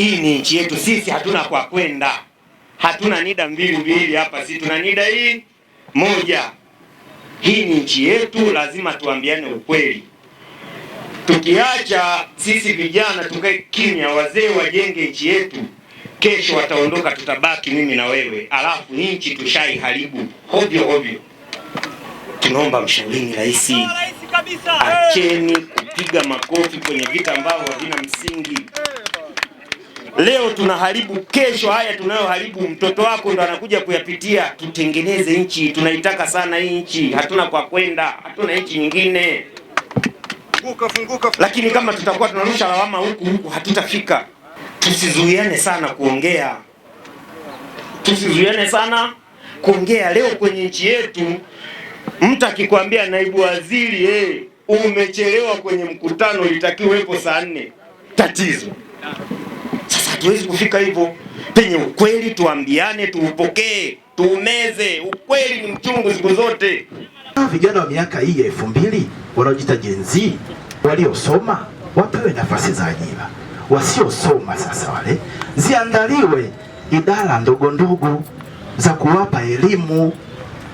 Hii ni nchi yetu sisi, hatuna kwa kwenda, hatuna nida mbili mbili hapa, si tuna nida hii moja. Hii ni nchi yetu, lazima tuambiane ukweli. Tukiacha sisi vijana tukae kimya, wazee wajenge nchi yetu, kesho wataondoka, tutabaki mimi na wewe, alafu nchi tushaiharibu hovyo hovyo Tunaomba mshaurini rais, acheni kupiga makofi kwenye vita ambavyo havina msingi. Leo tunaharibu kesho, haya tunayoharibu mtoto wako ndo anakuja kuyapitia. Tutengeneze nchi, tunaitaka sana hii nchi, hatuna kwa kwenda, hatuna nchi nyingine. Funguka, funguka. Lakini kama tutakuwa tunarusha lawama huku huku hatutafika. Tusizuiane sana kuongea, tusizuiane sana kuongea. Leo kwenye nchi yetu mtu akikwambia naibu waziri, hey, eh, umechelewa kwenye mkutano, ilitakiwa uwepo saa nne, tatizo hatuwezi kufika hivyo. Penye ukweli tuambiane, tuupokee, tuumeze. Ukweli ni mchungu siku zote. Ah, vijana wa miaka hii ya elfu mbili wanaojita Gen Z waliosoma wapewe nafasi za ajira, wasiosoma sasa wale ziandaliwe idara ndogo ndogo za kuwapa elimu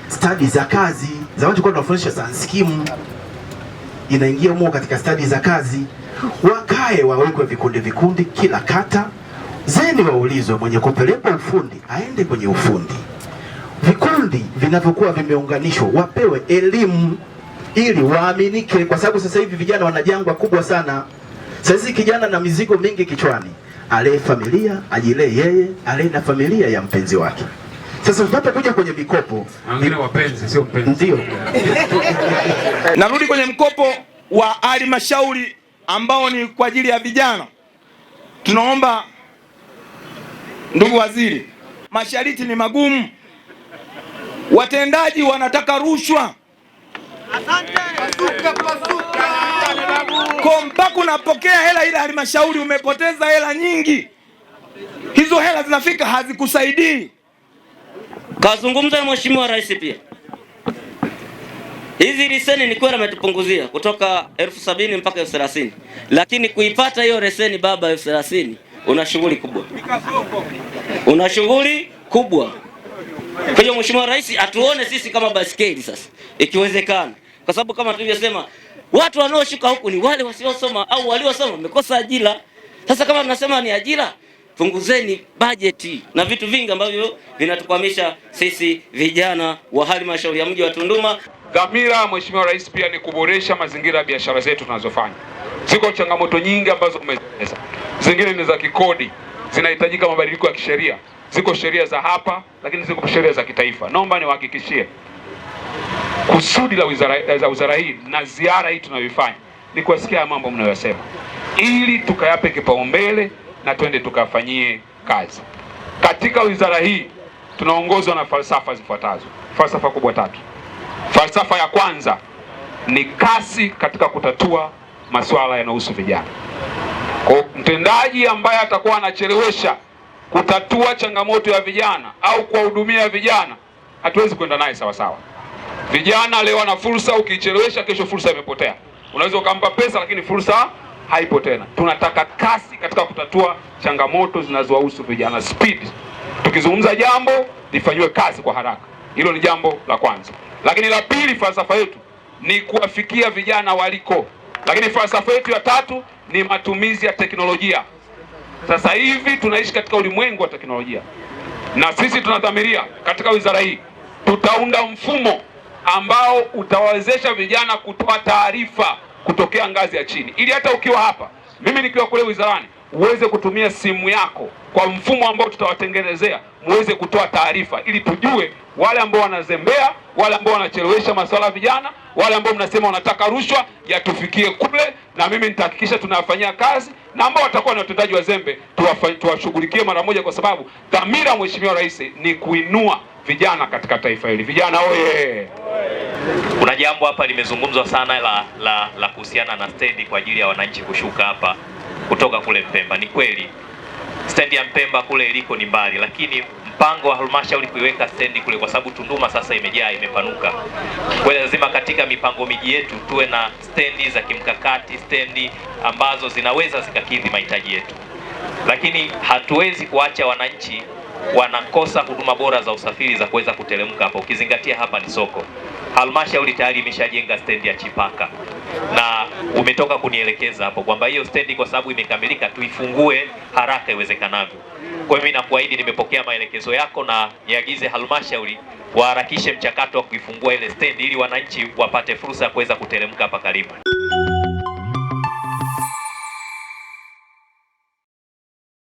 stadi za kazi za watu kwa tunafundisha sanskimu inaingia humo katika stadi za kazi, wakae wawekwe vikundi vikundi, kila kata zeni waulizwe, mwenye kupeleka ufundi aende kwenye ufundi. Vikundi vinavyokuwa vimeunganishwa wapewe elimu ili waaminike, kwa sababu sasa hivi vijana wana jangwa kubwa sana. Sasa kijana na mizigo mingi kichwani, alee familia, ajilee yeye, alee na familia ya mpenzi wake. Sasa tunapokuja kwenye mikopo, wapenzi sio mpenzi, ndio narudi kwenye mkopo wa halmashauri ambao ni kwa ajili ya vijana, tunaomba Ndugu waziri, masharti ni magumu, watendaji wanataka rushwa. Mpaka unapokea hela ile halmashauri, umepoteza hela nyingi, hizo hela zinafika hazikusaidii. Kazungumza na mheshimiwa rais pia, hizi leseni ni kweli ametupunguzia kutoka elfu sabini mpaka elfu thelathini lakini kuipata hiyo leseni baba elfu thelathini una shughuli kubwa, una shughuli kubwa. Kwa hiyo Mheshimiwa Rais atuone sisi kama baskeli sasa, ikiwezekana, kwa sababu kama tulivyosema, watu wanaoshuka huku ni wale wasiosoma au waliosoma wamekosa ajira. Sasa kama tunasema ni ajira, punguzeni bajeti na vitu vingi ambavyo vinatukwamisha sisi vijana wa halmashauri ya mji wa Tunduma. Dhamira Mheshimiwa Rais pia ni kuboresha mazingira ya biashara zetu tunazofanya. Ziko changamoto nyingi ambazo umeeleza, zingine ni za kikodi, zinahitajika mabadiliko ya kisheria. Ziko sheria za hapa, lakini ziko sheria za kitaifa. Naomba niwahakikishie kusudi la wizara, eh, za wizara hii na ziara hii tunayoifanya ni kuwasikia haya mambo mnayosema, ili tukayape kipaumbele na twende tukafanyie kazi. Katika wizara hii tunaongozwa na falsafa zifuatazo, falsafa kubwa tatu. Falsafa ya kwanza ni kasi katika kutatua masuala yanayohusu vijana. Kwa mtendaji ambaye atakuwa anachelewesha kutatua changamoto ya vijana au kuwahudumia vijana, hatuwezi kwenda naye sawa sawa. Vijana leo ana fursa, ukiichelewesha kesho fursa imepotea. Unaweza ukampa pesa, lakini fursa haipo tena. Tunataka kasi katika kutatua changamoto zinazowahusu vijana, speed. Tukizungumza jambo lifanyiwe kazi kwa haraka. Hilo ni jambo la kwanza, lakini la pili, falsafa yetu ni kuwafikia vijana waliko. Lakini falsafa yetu ya tatu ni matumizi ya teknolojia. Sasa hivi tunaishi katika ulimwengu wa teknolojia, na sisi tunadhamiria katika wizara hii tutaunda mfumo ambao utawawezesha vijana kutoa taarifa kutokea ngazi ya chini, ili hata ukiwa hapa, mimi nikiwa kule wizarani, uweze kutumia simu yako kwa mfumo ambao tutawatengenezea, muweze kutoa taarifa, ili tujue wale ambao wanazembea wale ambao wanachelewesha masuala ya vijana, wale ambao mnasema wanataka rushwa, yatufikie kule, na mimi nitahakikisha tunayafanyia kazi, na ambao watakuwa ni watendaji wazembe tuwashughulikie mara moja, kwa sababu dhamira Mheshimiwa Rais ni kuinua vijana katika taifa hili. Vijana oye! Kuna jambo hapa limezungumzwa sana la la la kuhusiana na stendi kwa ajili ya wananchi kushuka hapa kutoka kule Mpemba. Ni kweli stendi ya Mpemba kule iliko ni mbali, lakini mpango wa halmashauri kuiweka stendi kule, kwa sababu Tunduma sasa imejaa, imepanuka. Kwa hiyo lazima katika mipango miji yetu tuwe na stendi za kimkakati, stendi ambazo zinaweza zikakidhi mahitaji yetu, lakini hatuwezi kuacha wananchi wanakosa huduma bora za usafiri za kuweza kuteremka hapa, ukizingatia hapa ni soko. Halmashauri tayari imeshajenga stendi ya Chipaka na umetoka kunielekeza hapo kwamba hiyo stendi kwa sababu imekamilika tuifungue haraka iwezekanavyo. Kwa hiyo mimi nakuahidi, nimepokea maelekezo yako na niagize halmashauri waharakishe mchakato wa kuifungua ile stendi ili wananchi wapate fursa ya kuweza kuteremka hapa karibu.